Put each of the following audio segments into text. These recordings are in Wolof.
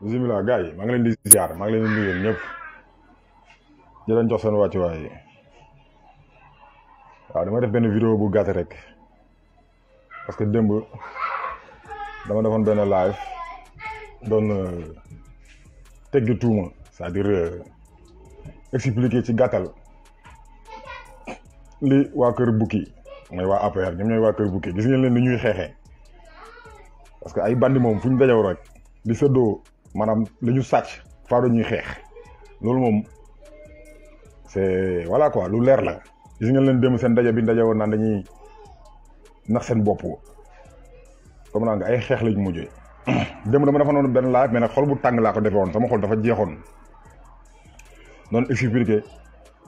bisimilah gay ma ngi len di ziar ma ngi len di nuyu ñëpp di lañ jox seen way waaw dama def ben vidéo bu gatt rek parce que demb dama defon ben live don doon euh, tout ma c'est-à-dire euh, expliquer ci gàttal li wa keur buki moy wa APR ñoom ñoy wa keur buki gis ngeen len ni ñuy xeexee parce que ay bandi mom fuñu dajaw rek di seddo manam luñu sacc faru faaw xex xeex mom c'est voilà quoi lu leer la gis ngeen leen dem sen dajja bi dajja won na dañuy nax sen bop comme naa nga ay xex lañ mujjé dem dama dafa non ben la mais nak xol bu tang la ko defé won sama xol dafa jéxon non expliqué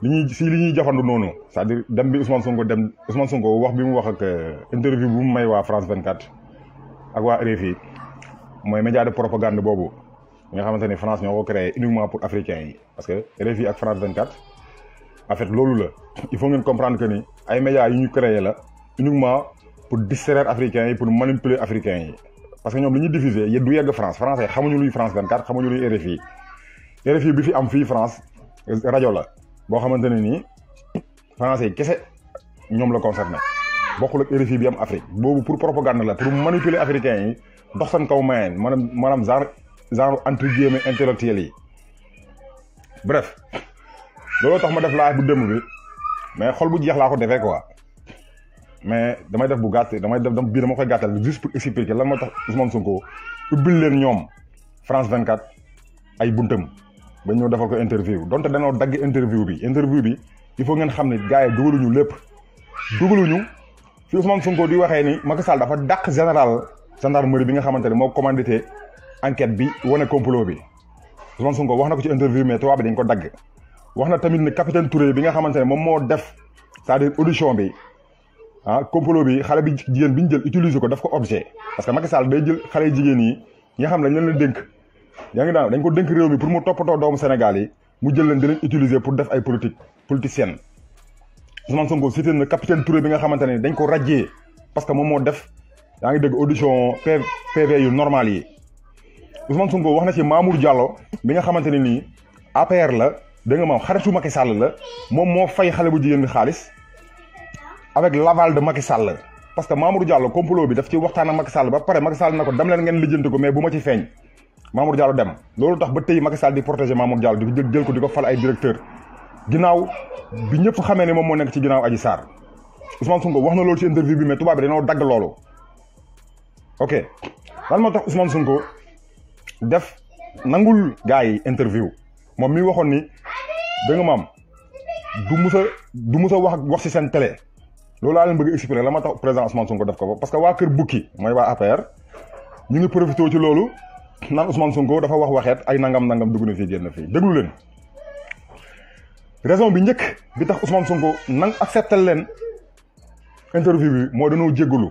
li si li ñuy jafandu noonu c'est-à-dire dem bi Ousmane Sonko dem Ousmane Sonko wax bi mu wax ak euh, interview bu may wa France 24 ak wa RFI moy média de propagande bobu nous nga xamante ni France ñoo ko créé uniquement pour africains parce que RFI ak France 24 en fait loolu la il faut ngeen comprendre que ni ay médias yi ñu créé la uniquement pour distraire africains yi pour manipuler africains yi parce que ñoom li ñu diffuser yéen du yegg France français xamuñu luy France 24 xamuñu luy RFI RFI bi fi am fii France rajo la boo xamante ni nii français kese ñoom la concerné bokkul ak RFI bi am Afrique boobu pour propagande la pour manipuler africains yi dox seen kaw mayeen maanaam maanaam genre entre guillemets intellectuel yi bref lolo tax ma def laaj bu dem bi mais xol bu jeex la ko defé quoi mais damay def bu gàtt damay def dam bi dama koy gattal juste pour expliquer lan mo tax Ousmane Sonko ubil len ñom France 24 ay buntam ba ñëw defal ko interview donte dañu dag interview bi interview bi il faut ngeen xamni gaay gars ñu lepp lépp ñu fi Ousmane Sonko di waxé ni Macky Sall dafa dak général gendarmerie bi nga xamante mo commandité enquete bi wane complot bi Ousmane Sonko wax na ko ci interview bi dañ ko dagg wax na tamit ne capitaine Touré bi nga xamante ne moom moo def cest à audition bi ah complot bi xale bi jigéen bi ñu jël utiliser ko daf ko objet parce que Macky Sall day jël xale jigéen yi nga ne dañ leen dénk yaa ngi daan dañ ko dénk réew mi pour mu toppatoo doomu Sénégal yi jël leen di leen utiliser pour def ay politique politicienne Ousmane Sonko cité na capitaine Touré bi nga xamante ne dañ ko rajjee parce que moom moo def yaa ngi dégg audition PV yu normal yi Ousmane Sonko wax na ci Mamour Diallo bi nga xamanteni ni APR la da nga mom xaritu Macky Sall la mom mo fay xalé bu jigen avec l'aval de Macky Sall parce que Mamour Diallo complot bi daf ci waxtan ak Macky Sall ba paré Macky Sall nako dam, dem leen ngeen lijjanti ko mais buma ci Mamour Diallo dem tax ba tey Macky Sall di protéger Mamour Diallo di ko jël ko di fal ay directeur ginaaw bi ñepp xamé ni mom mo nek ci ginaaw Adji Sarr Ousmane Sonko wax na loolu ci interview bi mais tuba bi dañu dag ok lan mo tax Ousmane Sonko def nangul gars yi interview moom mi waxoon ni da nga maam du mus du mus a wax wax si seen télé loolu laa leen bëgg expliquer la ma tax président Ousmane Sonko def ko parce que waa Kër Bukki mooy waa APR ñu ngi profité ci loolu naan Ousmane Sonko dafa wax waxeet ay nangam-nangam dugg na fii génn fii déglu leen raison bi njëkk bi tax Ousmane Sonko nang accepté leen interview bi moo dañoo jéggalu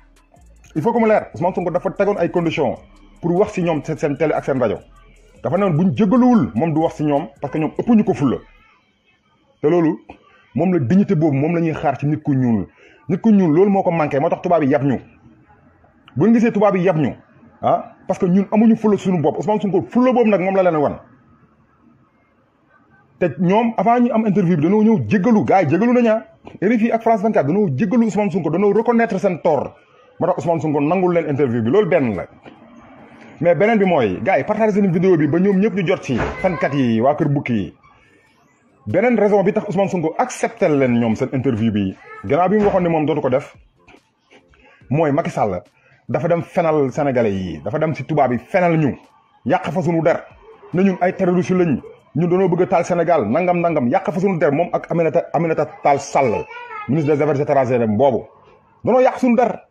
il faut que mu leer Ousmane Sonko dafa tegoon ay conditions pour wax si ñoom seen télé ak seen rajo dafa ne woon bu ñu jégaluwul moom du wax si ñoom parce que ñoom ëpp ko fulla te loolu moom la dignité boobu moom la ñuy xaar ci nit ku ñuul nit ku ñuul loolu moo ko manqué moo tax tubaab yi yab ñu bu ñu gisee tubaab yi yab ñu ah parce que ñun amuñu fulla suñu bopp Ousmane Sonko fulla boobu nag moom la leen wan. te ñoom avant ñu am interview bi dañoo ñëw jégalu gars yi jégalu nañu ah RFI ak France 24 dañoo jégalu Ousmane Sonko dañoo reconnaître seen tort. moo tax Ousmane Sonko nangul len interview bi lol Ben, la mais benen bi moy gars partager partage vidéo bi ba ñoom ñëpp ñu jot ci kat yi wa keur bukki benen raison bi tax Ousmane Sonko accepter len ñoom sen interview bi gëna bi mu waxone mom moom dootu ko def moy Macky Sall dafa dem fenal sénégalais yi dafa dem ci tuba bi fenal ñu yàq fa suñu der na ñun ay terroriste lañ ñu dañu bëgg a taal Sénégal nangam nangam yàq fa suñu der mom ak Aminata Aminata Tall Sall ministre des affaires étrangères bobu dañu yàq suñu der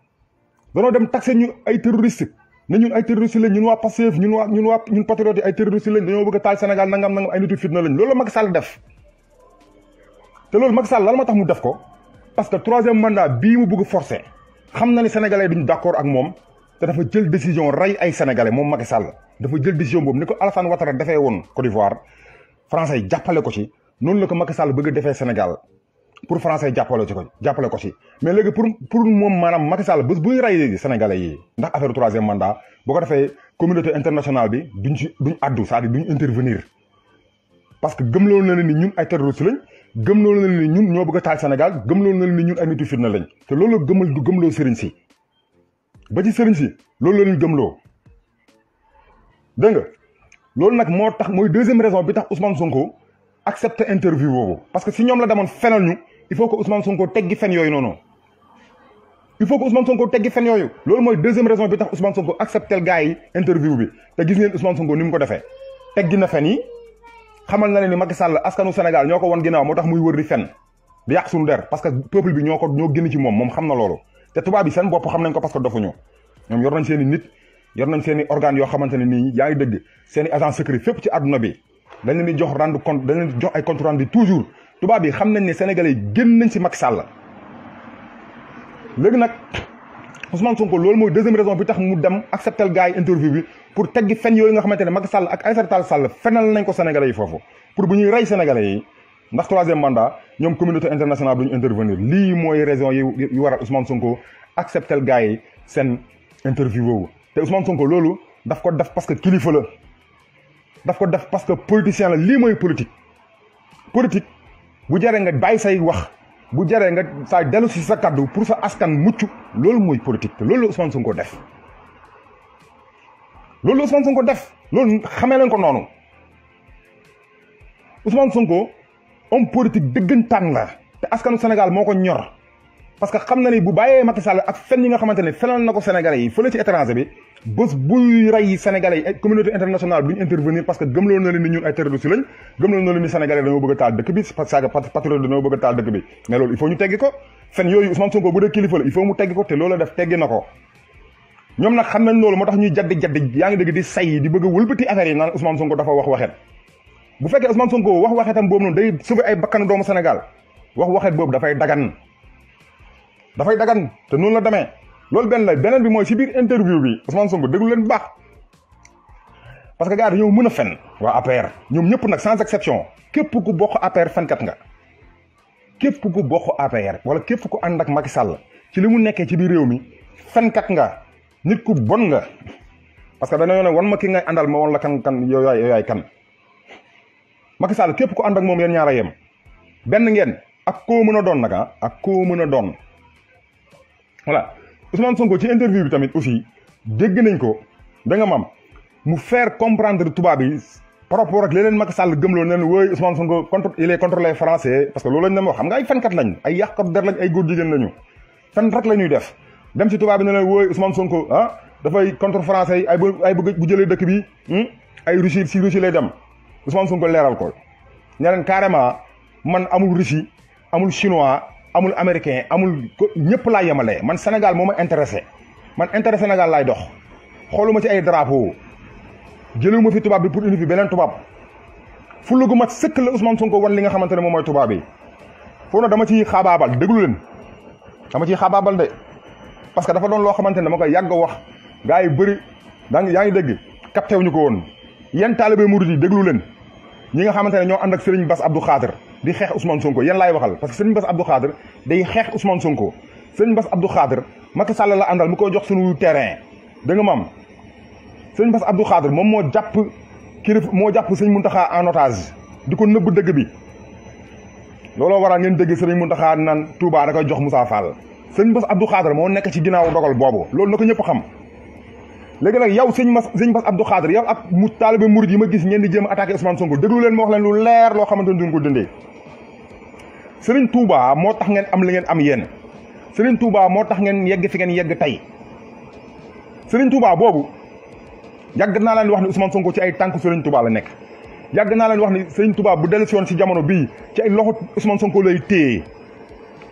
dañu dem taxé ñu ay terroriste né ñun ay terroriste lañ ñun wa Pastef ñun wa ñun wa ñun patriote ay terroriste lañ dañu bëgg a taal Sénégal nangam nangam ay nitu fitna lañ loolu Macky Sall def té loolu Macky Sall lan ma tax mu def ko parce que troisième mandat bi mu bëgg forcer xam na ni sénégalais duñ d'accord ak mom té dafa jël décision ray ay sénégalais mom Macky Sall dafa jël décision boobu niko Alassane Ouattara défé won Côte d'Ivoire français jappalé ko ci non la ko Macky Sall bëgg défé Sénégal pour français jàppale ci ko jàppale ko ci mais léegi pour pour mom manam Macky Sall bés buy rey sénégalais yi ndax affaire troisième mandat bu ko defee communauté internationale bi duñ ci duñ addu c'est-à-dire duñ intervenir parce que gëm loolu na ni ñun ay terroristes lañ gëm loolu na ni ñun ño bëgg taal Sénégal gëm loolu na ni ñun ay nitu fitna lañ té loolu la gëmal du lo sëriñ ci ba ci sëriñ ci loolu la ñu gëmloo dégg nga loolu nag moo tax mooy deuxième raison bi tax Ousmane Sonko accepte interview boobu parce que si ñom la demoon fénal ñu il faut que Ousmane Sonko teggi fen yooyu noonu il faut que Ousmane Sonko teggi fen yooyu loolu mooy deuxième raison bi tax Ousmane Sonko accepté gars yi interview bi te gis ngeen Ousmane Sonko ni mu ko defee teggi na fen yi xamal na ne ni Macky Sall askanu senegal ñoo ko won ginnaaw moo tax muy wër di fen di yàq suñu der parce que peuple bi ñoo ko ñoo génn ci moom moom xam na loolu te tubaab yi seen bopp xam nañ ko parce que dofuñu ñoom yor nañ seen i nit yor nañ seen i yoo xamante ne nii yaa ngi dëgg seen i agent ci àdduna bi dañ leen di jox rendre compte dañ leen di jox tubaab yi xam nañ sénégalais gën nañ ci Macky Sall légui nak Ousmane Sonko lool moy deuxième raison bi tax mu dem accepter gars yi interview bi pour teggi fen yooyu nga xamante Macky Sall ak Aïssata Tall Sall fenal nañ ko sénégalais yi pour buñuy ray sénégalais yi ndax troisième mandat ñom communauté internationale du intervenir li moy raison yi waral Ousmane Sonko accepter gars yi seen interview boobu te Ousmane Sonko loolu daf ko def parce que kilifa la daf ko def parce que politicien la li moy politique politique bu jare nga bay say wax bu jare nga sa delu ci sa kaddu pour sa askan muccu lol moy politique lol Ousmane Sonko def lol Ousmane Sonko def lol xamé lan ko Ousmane Sonko homme politique la te askanu Senegal moko ñor parce que xamna ni bu bàyyee Macky Sall ak fenn yi nga xamante fenal yi ci étranger bi bés buy rey sénégalais yi communauté internationale duñu intervenir parce que gëmloo na leen ni ñun ay bëgg taal dëkk bi parce que patriote bëgg taal dëkk bi mais loolu il faut ñu teggi ko fen yooyu Ousmane Sonko bu dee kilifa la il faut mu teggi ko te loolu def teggi na ko ñoom nag xam nañ loolu moo tax ñuy jaddi jaddi yaa ngi dégg di say di bëgg a wëlbati affaire yi naan Ousmane Sonko dafa wax waxeet bu fekkee Ousmane Sonko wax waxeetam boobu noonu day ay dagan noonu la demee lol ben lay benen bi moy ci bir interview bi Ousmane Sonko déglu len bax parce que gars dañoo mëna fenn wa APR ñom ñëpp nak sans exception képp ku bokk APR kat nga képp ku bokk APR wala képp ku and ak Macky Sall ci limu nekké ci bir réew mi kat nga nit ku bon nga parce que dañoo ne wan ma ki nga andal ma won la kan kan yoy yoy yow kan Macky Sall képp ku and ak mom yeen ñaara yem ben ngeen ak ko mëna don nak ah, ak ko mëna don voilà Ousmane Sonko ci interview bi tamit aussi dégg nañ ko da nga maam mu faire comprendre tubaab yi par rapport ak leneen Macky Sall gëmloo ne leen wooy Ousmane Sonko contre il est contre les parce que loolu lañ dem wax xam nga ay fenkat lañ ay yàqkat der lañ ay góor jigéen lañu fen rek la ñuy def dem ci tubaab yi ne leen wooy Ousmane Sonko ah, dafay contre français yi ay ay bëgg bu jëlee dëkk bi hmm, ay Russie si Russie lay dem Ousmane Sonko leeral ko ne leen carrément man amul Russie amul chinois. amul américain amul ñëpp laa yemale man Sénégal moo ma intéressé man intérêt Sénégal laay dox xooluma ci ay drapeau jëluma fi tubaab bi pour indi fi beneen tubaab fulla gu mat sëkk la Ousmane ko wan li nga xamante ne moom mooy tubaab yi foofu nag dama ciy xaabaabal déglu leen dama ciy xaabaabal de parce que dafa doon loo xamante ne dama koy yàgg wax gars yi bëri daa yaa ngi dégg capté ko woon yéen taalibe murid yi déglu leen ñi nga xamante ne ñoo ànd ak Serigne Bass Abdou Khader di xeex Ousmane Sonko yéen laay waxal parce que Serigne Bass Abdou Khader day xeex Ousmane Sonko Serigne Bass Abdou Khader Macky Sall la àndal mu koy jox suñu terrain da nga maam Serigne Bass Abdou Khader moom moo jàpp kirif moo jàpp Serigne Mountakha en otage di ko nëbb dëgg bi looloo waral ngeen dégg Serigne Mountakha naan Touba da koy jox Moussa Fall Serigne Bass Abdou Khader moo nekk ci ginnaaw dogal boobu loolu na ko ñëpp xam. legi nak yow seigne mas seigne bas abdou xaadir yow ak mu taalibe murid yi ma gis ñen di jëm attaquer Ousmane Sonko deglu len ma wax len lu leer lo xamanteni du ngi ko dëndé Serigne Touba mo tax ngeen am li ngeen am yeen Serigne Touba mo tax ngeen yegg fi ngeen yegg tay Serigne Touba bobu yàgg na leen wax ni Ousmane Sonko ci ay tank Serigne Touba la nek yàgg na leen wax ni Serigne Touba bu delu ci woon si jamono bi ci ay loxo Ousmane Sonko lay téé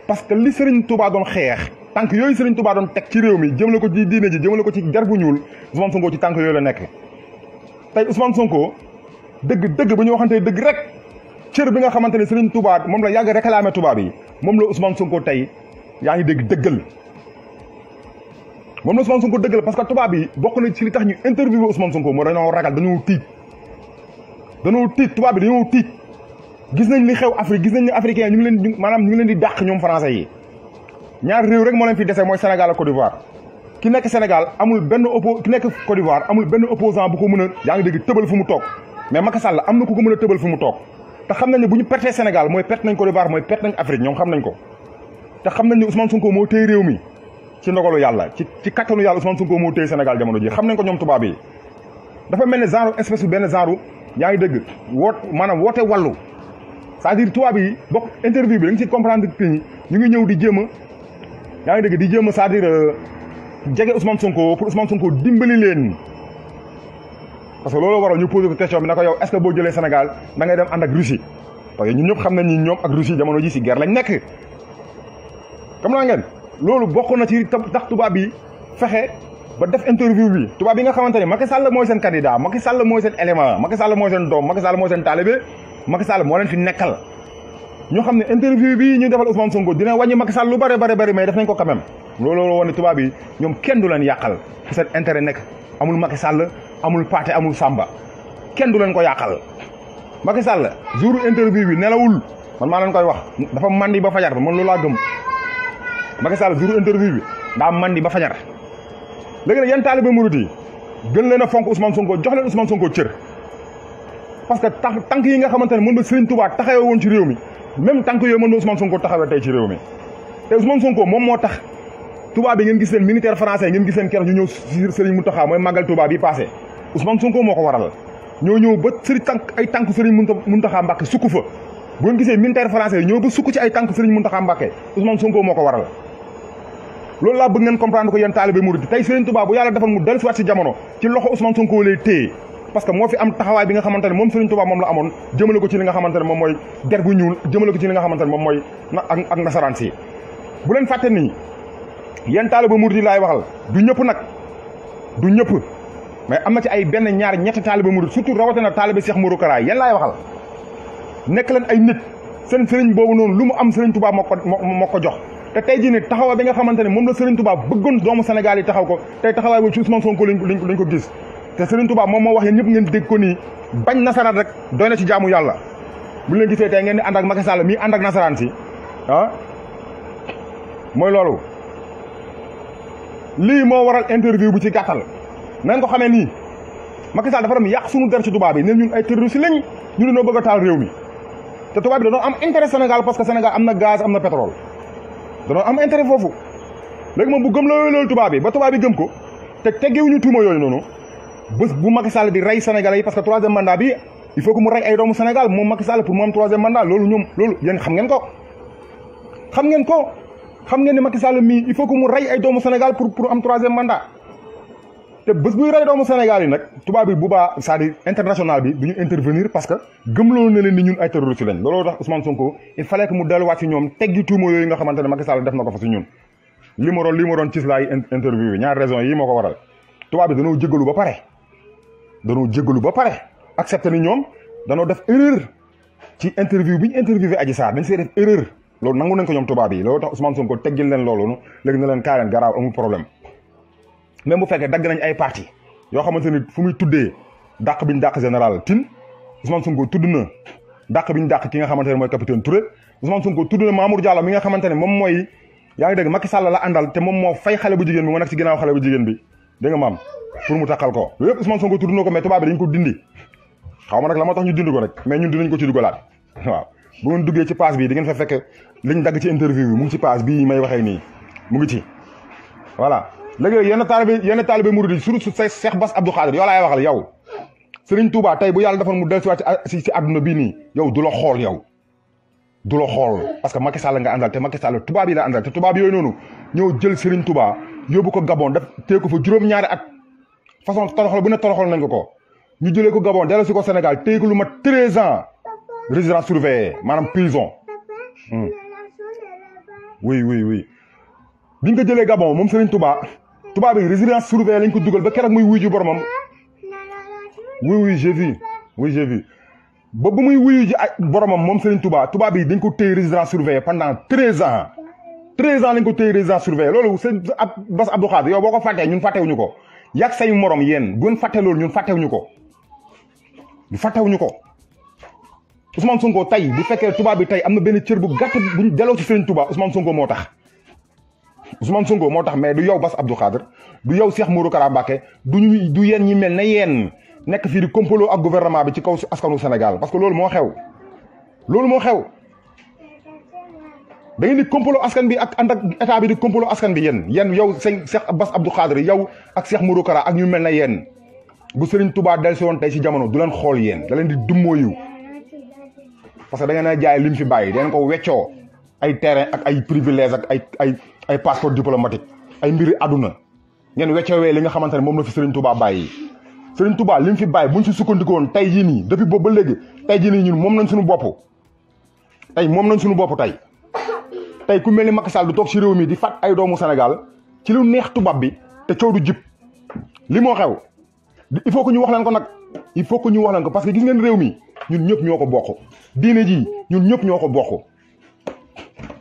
parce que li Serigne Touba doon xex tànk yooyu Serigne Touba doon teg ci réew mi jëmale ko ci diine ji jëmale ko ci der bu ñuul Ousmane Sonko ci tànk yooyu la nekk tey Ousmane Sonko dëgg dëgg ba ñu waxantee dëgg rek cër bi nga xamante ne Serigne Touba moom la yàgg réclamé Touba bi moom la Ousmane Sonko tey yaa ngi dégg dëggal moom la Ousmane Sonko dëggal parce que Touba bi bokk na ci li tax ñu interviewé Ousmane Sonko moo dañoo ragal dañoo tiit dañoo tiit Touba bi dañoo tiit gis nañ li xew Afrique gis nañ ne africain ñu leen maanaam ñu ngi leen yi ñaar réew rek moo leen fi dese mooy Sénégal ak Côte d'Ivoire ki nekk Sénégal amul benn oppo ki nekk Côte d'Ivoire amul benn opposant bu ko mën a yaa ngi dégg tëbal fu mu toog mais Macky Sall am na ku ko mën a tëbal fu mu toog te xam nañ ne bu ñu pertee Sénégal mooy perte nañ Côte d'Ivoire mooy perte nañ Afrique ñoom xam nañ ko te xam nañ ne Ousmane Sonko moo téye réew mi ci ndogalu yàlla ci ci kattanu yàlla Ousmane Sonko moo téye Sénégal jamono ji xam nañ ko ñoom tubaab ne genre espèce bu benn genre yaa ngi dégg woot maanaam woote wàllu c'est-à-dire tubaab yi bokk interview bi da comprendre que ñu ngi ñëw di jéem a yaa ngi dégg di jéem a c'est-à-dire euh, jege Ousmane Sonko pour Ousmane Sonko dimbali leen parce que loolu waral ñu posé ko question bi na ko yow est-ce boo jëlee Sénégal dangay dem ànd ak Russie parce que ñun ñëpp xam nañ ni ñoom ak Russie jamono ji si guerre lañ nekk. xam naa ngeen loolu bokk na ci tax tubaab bi fexe ba def interview bi tubaab bi nga xamante ni Macky Sall mooy seen candidat Macky Sall mooy seen élément Macky Sall mooy seen doom Macky Sall mooy seen talibé Macky Sall moo leen fi ñu xamné interview bi ñu défal Ousmane Sonko dina wàññi Macky Sall lu bari bari bari mais def nañ ko quand même loolu la woon tubaab yi ñoom kenn du leen yakal fu intérêt nek amul Macky Sall amul Paté amul Samba kenn du leen ko yakal Macky Sall jour interview bi nelawul man ma leen koy wax dafa mandi ba fajar man loolu laa gëm Macky Sall jour interview bi da mandi ba fajar léegi nag yan taalibe murit gën leena fonk Ousmane Sonko jox leen Ousmane Sonko cër parce que tank yi nga xamantene mën ba Serigne Touba taxawee ci réew mi même tànk yooyu man ma Ousmane Sonko taxawee ci réew mi te Ousmane Sonko moom moo tax tubaab ngeen gis leen militaire français ngeen gis leen keroog ñu ñëw si Serigne Mountakha mooy màggal tubaab yi passé Ousmane Sonko moo ko waral ñoo ñëw ba sëri tànk ay tànk Serigne Mountakha Mbacké sukk fa bu gisee militaire français ñëw ba sukk ci ay tànk Serigne Mountakha Mbacké Ousmane Sonko moo ko waral loolu laa bëgg ngeen comprendre ko yéen taalibe mu dellusiwaat si jamono parce que moo fi am taxawaay bi nga xamante ne moom Serigne Touba moom la amoon jëmale ko ci li nga xamante ne moom mooy der bu ñuul jëmale ko ci li nga xamante bu leen fàtte nii yéen taaliba murid laay waxal du ñëpp nag du ñëpp mais am na ci ay benn ñaar ñetti taaliba murid surtout na taaliba Cheikh Mourou Kara yéen laay waxal nekk leen ay nit seen Serigne boobu noonu lu mu am Serigne Touba moo ko moo ko jox. te tey jii nii taxawaay bi nga xamante ne moom la Serigne Touba bëggoon doomu Sénégal yi taxaw ko tey lañ ko gis. te Serigne Touba mom mo wax yéen ñëpp ngeen dégg ko ni bañ nasaran rek doyna ci jaamu yalla bu leen gisee tey ngeen di ànd ak Macky Sall mii ànd ak nasaraan si ah mooy loolu lii moo waral interview bu ci gatal nañ ko xamé ni Macky Sall dafa ram yàq suñu der ci touba bi ne ñun ay terroriste lañ ñu no bëgg taal réew mi te touba bi dañoo am intérêt Sénégal parce que Sénégal amna gaz amna na pétrole dañoo am intérêt fofu léegi moom bu gëm la loolu touba bi ba touba bi gëm ko te teggiwuñu tuuma yooyu nonu bës bu Macky Sall di rey Sénégalais yi parce que troisième mandat bi il faut que mu rey ay doomu Sénégal moom Macky Sall pour mu am troisième mandat loolu ñoom loolu yéen xam ngeen ko. xam ngeen ko xam ngeen ni Macky Sall mii il faut que mu rey ay doomu Sénégal pour pour am troisième mandat te bés buy rey doomu Sénégal yi nag tubaab bi bu baa c'est-à-dire international bi du ñu intervenir parce que gëmloo na leen ni ñun ay terroristes lañ looloo tax Ousmane nga xamante ne Macky Sall def na ko li ma doon li ma doon ñaar raison yi moo ko waral tubaab bi dañoo jégalu ba pare danoo jégalu ba pare accepté ni ñoom danoo def erreur ci interview bi ñu interviewé Adji Sarr dañ see def erreur loolu nangu nañ ko ñoom tubaab yi loolu tax Ousmane Sonko teggil leen loolu léegi na leen kaa leen garaaw amul problème même bu fekkee dagg nañ ay parti yoo xamante ni fu muy tuddee dàq bi ñu dàq général Tine Ousmane Sonko tudd na dàq bi ñu dàq ki nga xamante ne mooy capitaine Touré Ousmane Sonko tudd na Mamour Diallo mi nga xamante ne moom mooy yaa ngi dégg Macky Sall la àndal moom moo fay xale bu jigéen bi mu nekk ci ginnaaw xale bu jigéen bi dégg nga maam pour mu takal ko loolu Ousmane Sonko tuddu noko mais tuba bi dañ ko dindi xawma nak nag la moo tax ñu dindi ko nak mais ñun dinañ ko ci dugalaat waaw bu ngeen duggé ci paas bi di ngeen fa fekk liñ dag ci interview bi mu ngi ci paas bi may waxé ni mu ngi ci voilà léegi yenn talibé yenn talibé mouride yi surtout Cheikh Bass Abdou Khadir yow lay waxal yow Serigne Touba tay bu yalla defoon mu dellusiwaat ci ci ah, aduna bi ni yow dula xol yow dula xol parce que Macky Sall nga andal te Macky Sall touba bi la andal te bi yoy noonu ñëw jël Serigne Touba yóbbu ko Gabon def tee ko fa juroom ñaari at façon toroxal bu ne toroxal nañ ko ko ñu jëlé ko Gabon delloo si ko Sénégal téy ko lu mat ans résident surveillé manam prison. Hmm. oui oui oui biñ ko jëlé Gabon mom Serigne Touba Touba bi résident surveillé lañ ko duggal ba keroog muy wuyu ji boromam. oui oui j'ai vu oui j'ai vu ba bu muy wuyu ji ak boromam moom Serigne Touba Touba bi dañ ko téy résident surveillé pendant 13 ans. 13 ans lañ ko téy résident surveillé loolu sëñ ab Bass Abdou Khadre yow boko faté ñun faté fàttewuñu ko. yàgg say moroom yéen bu ngeen fàtte loolu ñun fàttewuñu ko ñu fàttewuñu ko Ousmane Sonko tey bu fekkee tubaab bi tey am na benn cër bu gàtt bu ñu delloo ci Serigne Touba Ousmane Sonko moo tax. Ousmane Sonko moo tax mais du yow Bass Abdou Khadre du yow Cheikh Mourou Kara Mbacké du ñu du yéen ñi mel na yéen nekk fii di complot ak gouvernement bi ci kaw askanu Sénégal parce que loolu moo xew loolu moo xew. da ngeen di bi ak ànd ak état bi di kompaloo yow sëñ Cheikh Bass Abdou yow ak Cheikh Modou Kara ak mel na yéen bu Serigne Touba dellusi woon tey si jamono du leen xool yéen da leen di dummóoyu parce que da ngeen a jaay li mu fi bàyyi da ko weccoo ay terrain ak ay privilège ak ay ay ay passeport diplomatique ay mbiri àdduna ngeen weccoowee li nga xamante ne moom la fi Serigne Touba bàyyi Serigne tubaa li mu fi bàyyi buñ si sukkandikoon tey jii nii depuis boobu ba léegi tey jii nii ñun moom nañ suñu bopp tey moom nañ sunu boppu tey tay ku melni ni Macky Sall du tok si réew mi di fat ay doomu Sénégal ci lu neex tubab bi te ciow du jip li mo xew il faut que ñu wax lan ko nak il faut que ñu wax lan ko parce que gis ngeen réew mi ñun ñepp ñoko bokku diine ji ñun ñepp ñoko bokku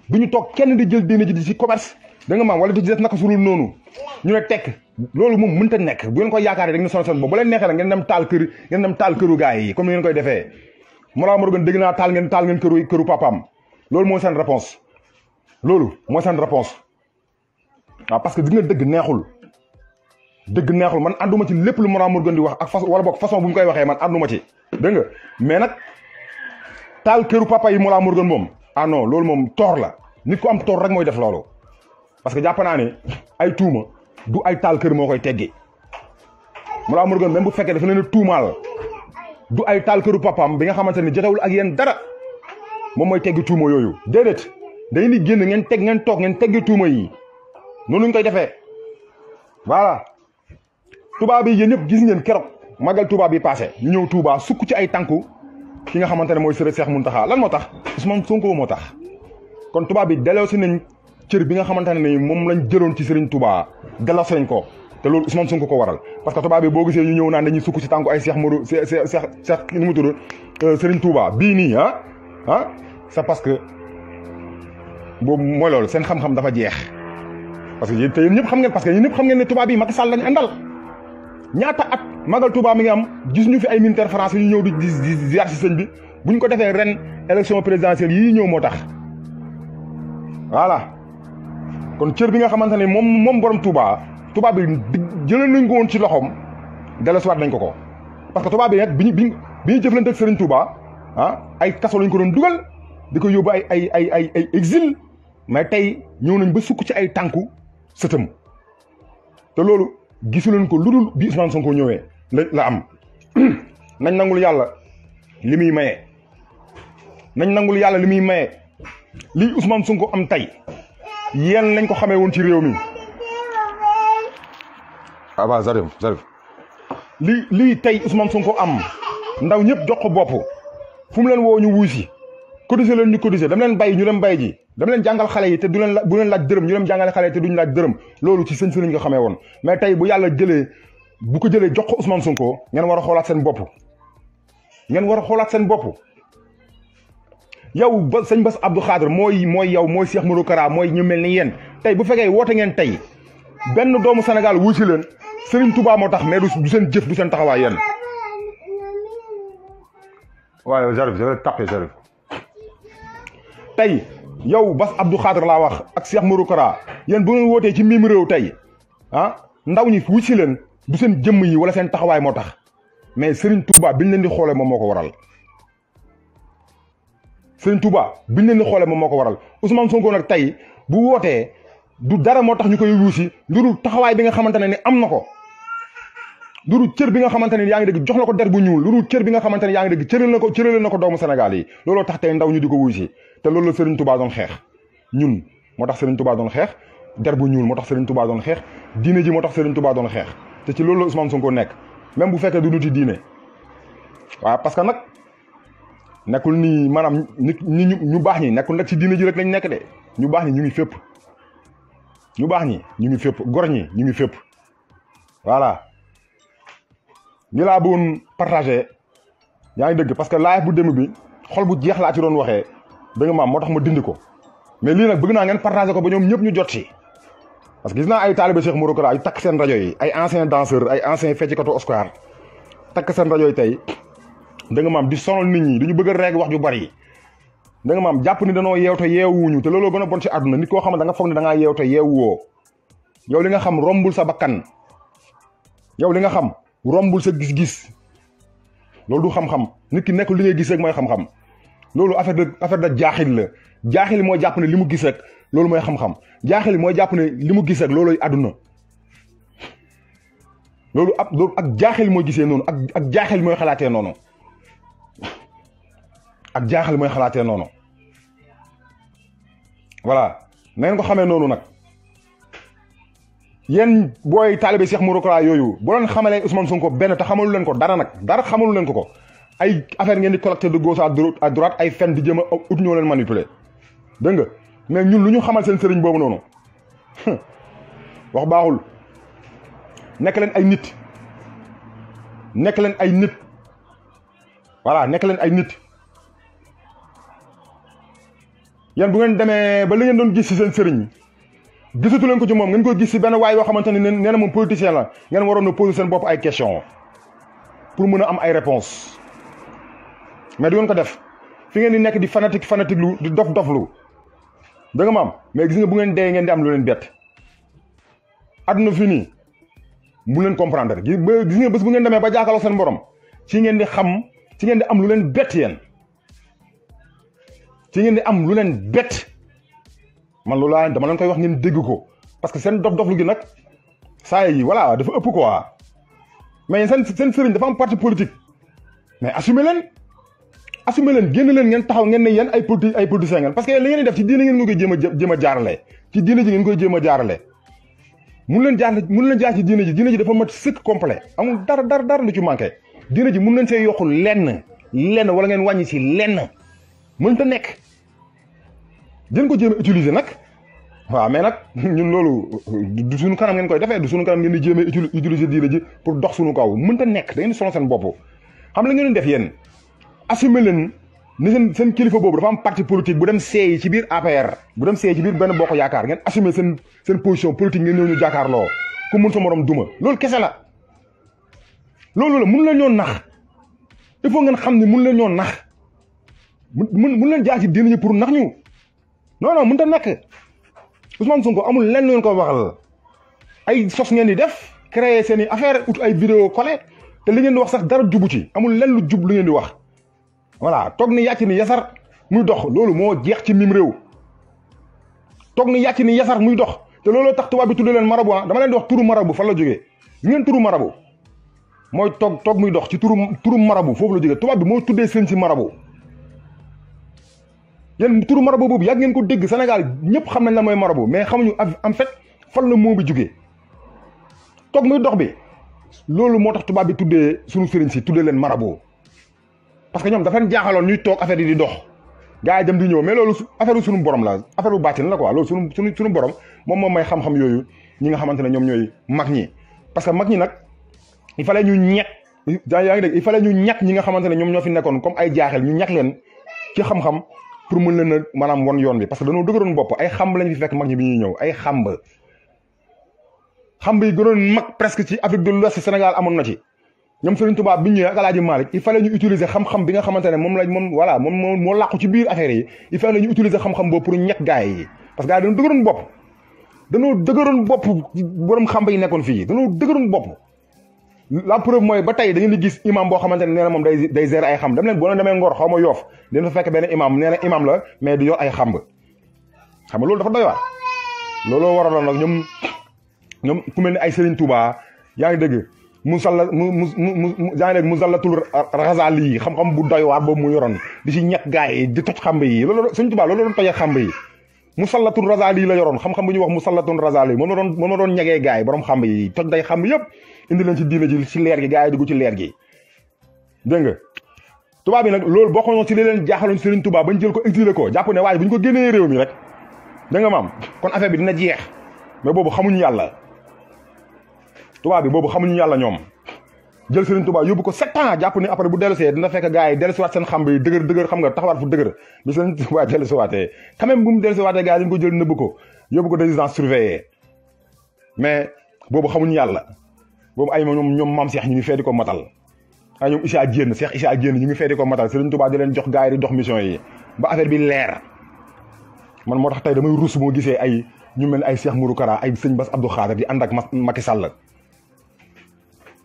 bokk ñu kenn di jël diine ji di si commerce da nga maam wala di def des naka sulul nonu ñu tek lolu mom mën ta nek bu ngeen ko yaakaare da ngeen son son bo bu leen neexal ngeen dem tal keur ngeen dem tal, keuru gaay yi comme ni ngeen koy defee Mollah Morgun dégg naa tal ngeen tal ngeen keuru keuru papam lolu mo sen réponse loolu mooy seen réponse waaw parce que di nga dëgg neexul dëgg neexul man ànduma ci lépp lu Mollah Morgun di wax ak façon wala boog façon bu ñu koy waxee man ànduma ci dégg nga mais nag taal këru papa yi Mollah Morgun moom ah loolu moom toor la nit ku am toor rek mooy def loolu parce que jàpp naa ne ay tuuma du ay taal moo koy teggi Mollah Morgun même bu fekkee dafa leen a tuumaal du ay taal këru bi nga xamante ne jotewul ak yenn dara moom mooy teggi tuuma yooyu déedéet day ni génn ngeen teg ngeen toog ngeen teggi tuuma yi noonu ñu koy defee voilà tubaab yi yéen ñëpp gis ngeen keroog magal tubaab yi passé ñu ñëw Touba sukk ci ay tànku ki nga xamante ne mooy seex mun taxaa lan moo tax Ousmane Sonko moo tax kon tubaab yi si nañ cër bi nga xamante ne ni moom lañ jëloon ci Serigne Touba delloosi nañ ko te loolu Ousmane Sonko ko waral parce que tubaab yi boo gisee ñu ñëw naa dañuy sukk ci tànku ay Cheikh Modou Cheikh Cheikh Cheikh nu mu tudd euh, Serigne Touba bii nii ah ah c'est parce que boobu mooy loolu seen xam-xam dafa jeex parce que te yéen ñëpp xam ngeen parce que yéen ñëpp xam ngeen ne tubaab yi Macky Sall lañu àndal ñaata ak magal Touba mi ngi am gis ñu fi ay militaire France yu ñëw di di ziar si sëñ bi bu ñu ko defee ren élection présidentielle yii ñëw moo tax voilà kon cër bi nga xamante ne moom moom borom Touba Touba bi jëlal nañ ko woon ci loxoom delloosiwaat nañ ko ko parce que Touba bi nag bi ñu bi ñu jëflante ak Serigne Touba ah ay kaso lañ ko doon dugal di ko yób ay ay ay ay ay exil. mais tey ñëw nañ ba sukk ci ay tànku sëtëm te loolu gisuleen ko lu dul bi Ousmane Sonko ñëwee la la am nañ nangul yàlla li muy maye nañ nangul yàlla li muy maye lii Ousmane Sonko am tey yéen lañ ko xamee woon ci réew mi aba ah zarif zarif li li tay Ousmane Sonko am ndaw ñëpp jox ko bopp fu mu leen woo ñu wuusi cotiser leen ñu cotiser dama leen bay ñu dem bay ji dama leen jàngal xale yi te du leen la bu leen laaj dërëm ñu leen jàngale xale yi te duñu laaj dërëm loolu ci sëñ si lañ ko xamee woon mais tey bu yàlla jëlee bu ko jëlee jox ko Ousmane Sonko ngeen war a xoolaat seen bopp ngeen war a xoolaat seen bopp yow ba sëñ Bass Abdou Khadre mooy mooy yow mooy Cheikh Modou Kara mooy ñu mel ni yéen tey bu fekkee woote ngeen tey benn doomu Sénégal wuy si leen Serigne Touba moo tax mais du seen jëf du seen taxawaay yéen waaw yow Zarif je vais taper Zarif tey yow bas Abdou Khadre la wax ak Cheikh Mourou yeen bu ngeen wote ci mim rew tay ah ndaw ñi fu ci leen du seen jëm yi wala seen taxaway moo tax mais Serigne Touba biñ leen di xolé moom moko waral Serigne Touba biñ leen di xolé moom moko waral Ousmane Sonko nak tay bu wote du dara moo tax ñu koy wuusi bi nga xamantene ni am ko lu dul bi nga xamante ne yaa ngi jox lako der bu ñuul duru cieur bi nga xamante ne yaa ngi dégg doomu senegal yi lolo tax tay ndaw ñu diko wuy ci té loolu Serigne Touba doon xeex ñun moo tax Serigne Touba doon xeex der bu ñuul moo tax Serigne Touba doon xeex diine ji moo tax Serigne Touba doon xeex te ci loolu la Ousmane Sonko nekk même bu fekkee du duti diine waaw parce que nag nekkul ni maanaam nit ñi ñu baax ñi nekkul nag ci diine ji rek lañ nekk de ñu baax ñi ñu ngi fépp ñu baax ñi ñu ngi fépp gor ñi ñu ngi fépp voilà li laa bëggoon partagé yaa ngi dëgg parce que laaj bu démb bi xol bu jeex laa ci doon waxee da nga maam moo tax ma dindi ko mais lii nag bëgg naa ngeen partagé ko ba ñoom ñëpp ñu jot ci parce que gis naa ay taalibe Cheikh Mourou Kara ay takk seen rajo yi ay ancien danseur ay ancien feccikatu Oscar takk seen rajo yi tey danga nga maam di sonal nit ñi dañu bëgg a reeg wax ju bari danga nga maam jàpp ni danoo yeew te yeewuñu te looloo gën a bon ci àdduna nit koo xam ne da nga foog ne da ngaa yeew te yeewoo li nga xam rombul sa bakkan ñëw li nga xam rombul sa gis-gis loolu du nit ki nekk li ngay gis mooy xam loolu affaire de affaire de jaaxil la jaaxil mooy jàpp ne li mu gis rek loolu mooy xam-xam jaaxil mooy jàpp ne li mu gis looloy àdduna loolu ab loolu ak jaaxil mooy gisee noonu ak ak jaaxil mooy xalaatee noonu ak jaaxil mooy xalaatee noonu voilà na ngeen ko xamee noonu nag yéen booy taalibe Cheikh Mourou Kara yooyu boo doon xamalee Ousmane Sonko benn te xamalu leen ko dara nag dara xamalu leen ko ko ay affaire ngeen di collecter de gauche à droite à droite ay fenn di jëma a ut ñoo leen manipuler dégg nga mais ñun luñu xamal seen sëriñ bobu nonu wax baaxul nek leen ay nit nek leen ay nit voilà nek leen ay nit yeen bu ngeen démé ba li ngeen doon gis ci seen sëriñ gisatu leen ko ci mom ngeen ko gis ci ben way yo xamanteni neena mom na politicien la ngeen waro no poser seen bop ay question pour mëna am ay réponse mais di ko def fi ngeen di nek di fanatique fanatique lu di dof lu da nga mam mais gis nga bu ngeen dey ngeen di am lu len bet aduna fi ni mu len comprendre gis nga bes bu ngeen demé ba jàkkaarloo sen borom ci ngeen di xam ci ngeen di am lu len bet yeen ci ngeen di am lu len bet man lu laa dama leen koy wax ngeen dégg ko parce que sen dof lu gi nak saay yi voilà dafa ëpp quoi mais sen sen serigne dafa am parti politique mais assumé len assumé leen genn leen ngeen taxaw ngeen ne yeen ay produit ay produit sénégal parce que li ngeen def ci diine ngeen koy jéem a jéem jaarale ci diine ji ngeen koy jéem a jaarale mun leen jaar mun leen jaar ci diine ji diine ji dafa mat sëkk complet amul dar dar dar lu ci manké diine ji mun leen sey yokku lenn lenn wala ngeen wàññi si lenn ta nek ngeen ko jéem utiliser nak wa mais nak ñun lolu du suñu kanam ngeen koy defee du suñu kanam ngeen di jéem utiliser diine ji pour dox suñu kaw ta nek da ngeen solo sen bop xam la ngeen def yeen assumé leen ne seen seen kilifa boobu dafa am parti politique bu dem seey ci biir APR bu dem seey ci biir benn bokk yaakaar ngeen assumer seen seen position politique ngeen ñëw ñu jàkkaarloo ku mun sa morom duma loolu kese la loolu la mun la ñoo nax il faut ngeen xam ne mun leen ñoo nax mun mun leen jaar ci diine yi pour nax ñu non non mënut ta nekk Ousmane Sonko amul lenn ngeen ko waxal ay sos ngeen di def créer seen i affaire ut ay vidéo collé te li ngeen di wax sax dara jubu amul lenn lu jub lu ngeen di wax voilà toog ni yàcc ni yasar muy dox loolu moo jeex ci mim réew toog ni yàcc ni yasar muy dox te looloo tax tubaab bi tudd leen marabu ah dama leen dox turu marabu fan la jógee ngeen turu marabu mooy toog toog muy dox ci turu turu marabu foofu la jógee tubaab bi moo tuddee seen si marabu yéen turu marabu boobu yàgg ngeen ko dégg Sénégal ñëpp xam nañ la mooy marabu mais xamuñu en fait fan la moo jóge toog muy dox bi loolu moo tax tubaab bi tuddee sunu sëriñ si tuddee leen marabu. parce que ñoom dafa leen jaaxaloon ñuy toog affaire yi di dox gars yi dem di ñëw mais loolu affaire suñu borom la affaire bu baatin la quoi loolu suñu suñu borom moom moom may xam-xam yooyu ñi nga xamante ne ñoom ñooy mag ñi parce que mag ñi nag il fallait ñu ñekk yaa ngi dégg ñu ñekk ñi nga xamante ne ñoom ñoo fi nekkoon comme ay jaaxel ñu ñekk leen ci xam-xam pour mën leen a maanaam won yoon bi parce que dañoo dëgëroon bopp ay xamb lañ fi fekk mag ñi bi ñuy ñëw ay xamb xamb yi gënoon mag presque ci Afrique de l'Ouest Sénégal amoon na ci ñoom Serigne Touba bi ñu ñëwee ak Alaaji Malick il ñu utiliser xam-xam bi nga xamante ne moom lañ moom voilà moom moo moo làqu ci biir affaire yi il fallait ñu utiliser xam-xam boobu pour ñekk gars yi parce que gars yi dañoo dëgëroon bopp dañoo dëgëroon bopp borom xam yi nekkoon fii dañoo dëgëroon bopp la preuve mooy ba tey dañu gis imam boo xamante ne nee na moom day day gérer ay xam dem leen boo demee ngor xaw ma yoof dina fa fekk benn imam nee na imam la mais du yor ay xamb xam nga loolu dafa doy waar looloo waraloon nag ñoom ñoom ku mel ne ay Serigne Touba yaa ngi dëgg mu musalla mu mu mu mu yaa ngi dégg musallatul razali yi xam-xam bu doy waar boobu mu yoroon di si ñàkk gars yi di toj xamb yi loolu suñ tubaab loolu doon tojee xamb yi musallatul razali yi la yoroon xam bu ñuy wax musallatul razali yi moom la doon moom la doon ñegee gars yi borom xamb yi toj day xamb yëpp indi leen ci diina ji si leer gi leer gi nga tubaab bi nag loolu boo xooñoon si li leen jaaxaloon Serigne Touba bañ jël ko exilé ko jàpp ne waaye bu ñu ko génnee réew mi rek da nga maam kon affaire bi dina jeex mais boobu xamuñu yàlla tubaab boobu xamuñu yàlla ñoom jël Serigne Touba yóbbu ko sept ans jàpp ni après bu dellusee dina fekk gars yi dellusiwaat seen xam bi dëgër dëgër xam nga taxawaat fu dëgër bi Serigne Touba dellusiwaatee quand même bu mu dellusiwaatee gars yi dañ ko jël nëbb ko yóbbu ko résidence surveillé mais boobu xamuñu yàlla boobu ay ñoom ñoom maam Cheikh ñu ngi fee di ko matal ay ñoom Issa génn Cheikh Issa Diène ñu ngi fee di ko matal Serigne Touba di leen jox gars yi di dox mission yi ba affaire bi leer man moo tax tey damay ruus moo gisee ay ñu mel ay Cheikh Mourou Kara ay sëñ Bass Abdou Khader di ànd ak Macky Sall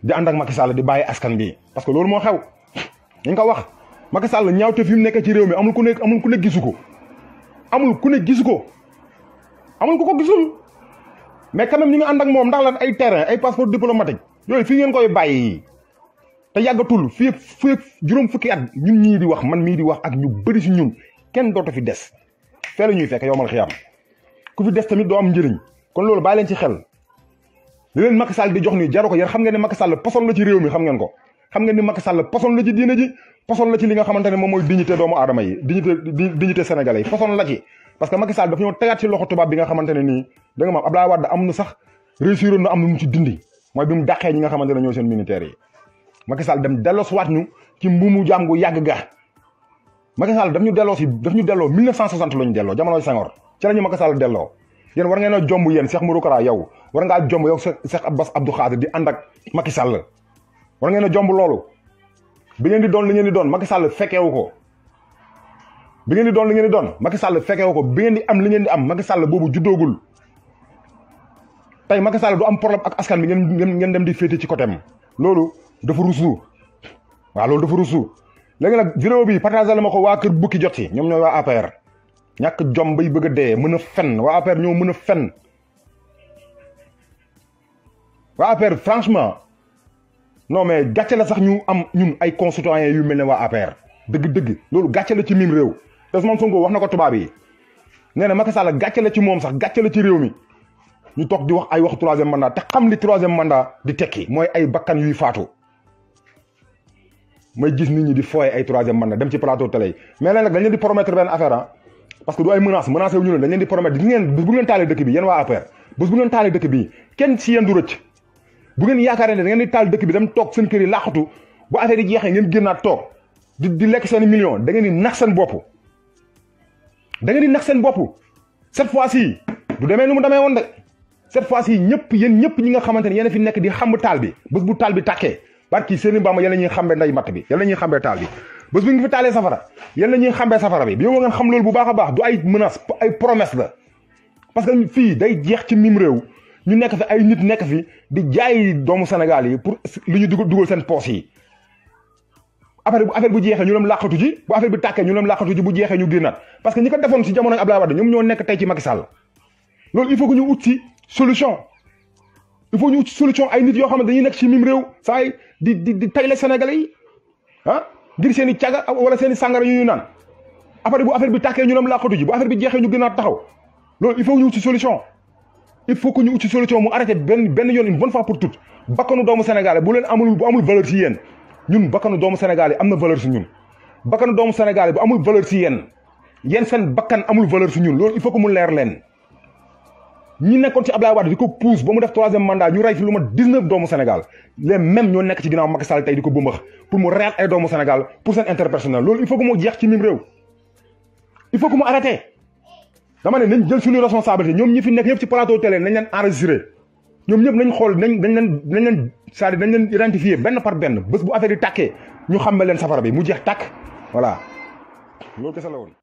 di ànd ak Macky Sall di baye askan bi parce que lolu mo xew dañ ko wax Macky Sall ñawte fi mu nekk ci rew mi amul ku nekk amul ku nekk gisuko amul ku nekk gisuko amul ku ko gisul mais quand même ñu ngi ànd ak moom ndax lan ay terrain ay passeport diplomatique yoy fi ngeen koy baye te yagatul fi fi juroom fukki at ñun ñi di wax man mi di wax ak ñu bari ci ñun kenn dootu fi dess fee la ñuy fekk yowmal xiyam ku fi dess tamit do am njëriñ kon lolu bàyyi leen ci xel li leen Macky Sall di jox ni jaru ko yar xam ngeen ne Macky Sall poson la ci réew mi xam ngeen ko xam ngeen ni Macky Sall poson la ci diine ji poson la ci li nga xamante ne moom mooy dignité doomu aadama yi dignité dignité sénégalais poson la ci parce que Macky Sall dafa ñoo tegaat ci loxo tubaab bi nga xamante ni nii da nga ma Abdoulaye Wade am na sax réussir na am na mu ci dindi mooy bi mu ñi nga xamante ñoo seen militaires yi Macky Sall dem delloosiwaat ñu ci mbuumu jaam gu ga Macky Sall daf ñu delloo si daf ñu delloo 1960 la ñu delloo jamono Senghor ci la Macky Sall delloo yéen war ngeen a jomb yéen Cheikh Modou Kara yow war ngaa jomb yow Cheikh Bass Abdou Khadre di ànd ak Macky Sall war ngeen a jomb loolu bi ngeen di doon li ngeen di doon Macky Sall fekkeewu ko bi ngeen di doon li ngeen di doon Macky Sall fekkeewu ko bi am li ngeen di am Macky Sall boobu juddoogul tey Macky Sall du am problème ak askan bi ngeen ngeen dem di féete ci côté am loolu dafa rusu waaw loolu dafa rusu léegi nag vidéo bi partagé la ma ko waa kër bukki jot ci ñoom ñooy waa APR ñàkk jom bay bëgg a mën a fen waa affaire ñoo mën a fen waa APR franchement non mais gàcce la sax ñu am ñun ay concitoyens yu mel ne waa APR dëgg-dëgg loolu gàcce la ci mim réew Ousmane ko wax na ko tubaab yi nee na Macky Sall gàcce la ci moom sax gàcce la ci réew mi ñu toog di wax ay wax troisième mandat te xam li troisième mandat di tekki mooy ay bakkan yuy faatu may gis nit ñi di fooye ay troisième mandat dem ci plateau télé yi mais léeg-léeg parce que du ay menace menacé wu ñu ne dañ leen di promettre di ngeen bés bu ngeen taalee dëkk bi yéen waa APR bés bu ngeen taalee dëkk bi kenn si yéen du rëcc bu ngeen yaakaaree ne da di taal dëkk bi dem toog seen kër yi làqatu bu affaire yi jeexee ngeen génnaat toog di di lekk seen million da di nax seen bopp da ngeen di nax seen bopp cette fois ci du demee nu mu demee woon de cette fois ci ñëpp yéen ñëpp ñi nga xamante ne yéen fi nekk di xam taal bi bés bu bi tàkkee barki Serigne Bamba yéen la ñuy xambee nday matt bi yéen la ñuy xambee taal bi bés bu ñu fi taalee safara yéen la ñuy xambee safara bi bi yow ngeen xam loolu bu baax a baax du ay menace ay promesse la parce que fii day jeex ci mim réew ñu nekk fi ay nit nekk fi di jaay doomu Sénégal yi pour lu ñu dugal dugal seen poos yi affaire bu affaire bu jeexee ñu dem làqatu ji bu affaire bi tàkkee ñu dem làqatu ji bu jeexee ñu génnaat parce que ñi ko defoon si jamono Abdoulaye Wade ñoom ñoo nekk tey ci Macky Sall loolu il faut que ñu ut si solution il faut ñu ut si solution ay nit yoo xam ne dañuy nekk ci mim réew saa yi di di di tayle Sénégalais yi ah ngir seen i caga wala seen i sàngara yu ñu naan après bu affaire bi tàkkee ñu dem làqatu ji bu affaire bi jeexee ñu gën a taxaw loolu il faut ñu ut ci solution faut que ñu ut ci solution mu arrêté benn benn yoon une bonne fois pour toutes bakkanu doomu sénégalais bu leen amul bu amul valeur ci yéen ñun bakkanu doomu sénégalais am na valeur ci ñun bakkanu doomu sénégalais bu amul valeur ci yéen yen seen bakkan amul valeur ci ñun loolu il faut mu leer leen ñi nekkoon ci Abdoulaye Wade di ko pousse ba mu def troisième mandat ñu rey fi lu ma 19 doomu Sénégal les mêmes ñoo nekk ci ginnaaw Macky Sall tey di ko bëmbax pour mu reyal ay doomu Sénégal pour seen interpersonnel personnel loolu il faut que mu jeex ci mim réew il faut que mu arrêté dama ne nañ jël suñu responsabilité ñoom ñi fi nekk ñëpp ci plateau télé nañ leen enregistré ñoom ñëpp nañ xool nañ nañ leen nañ leen c'est-à-dire nañ leen identifié benn par benn bés bu affaire yi tàkkee ñu xàmme leen safara bi mu jeex tàkk voilà loolu kese la woon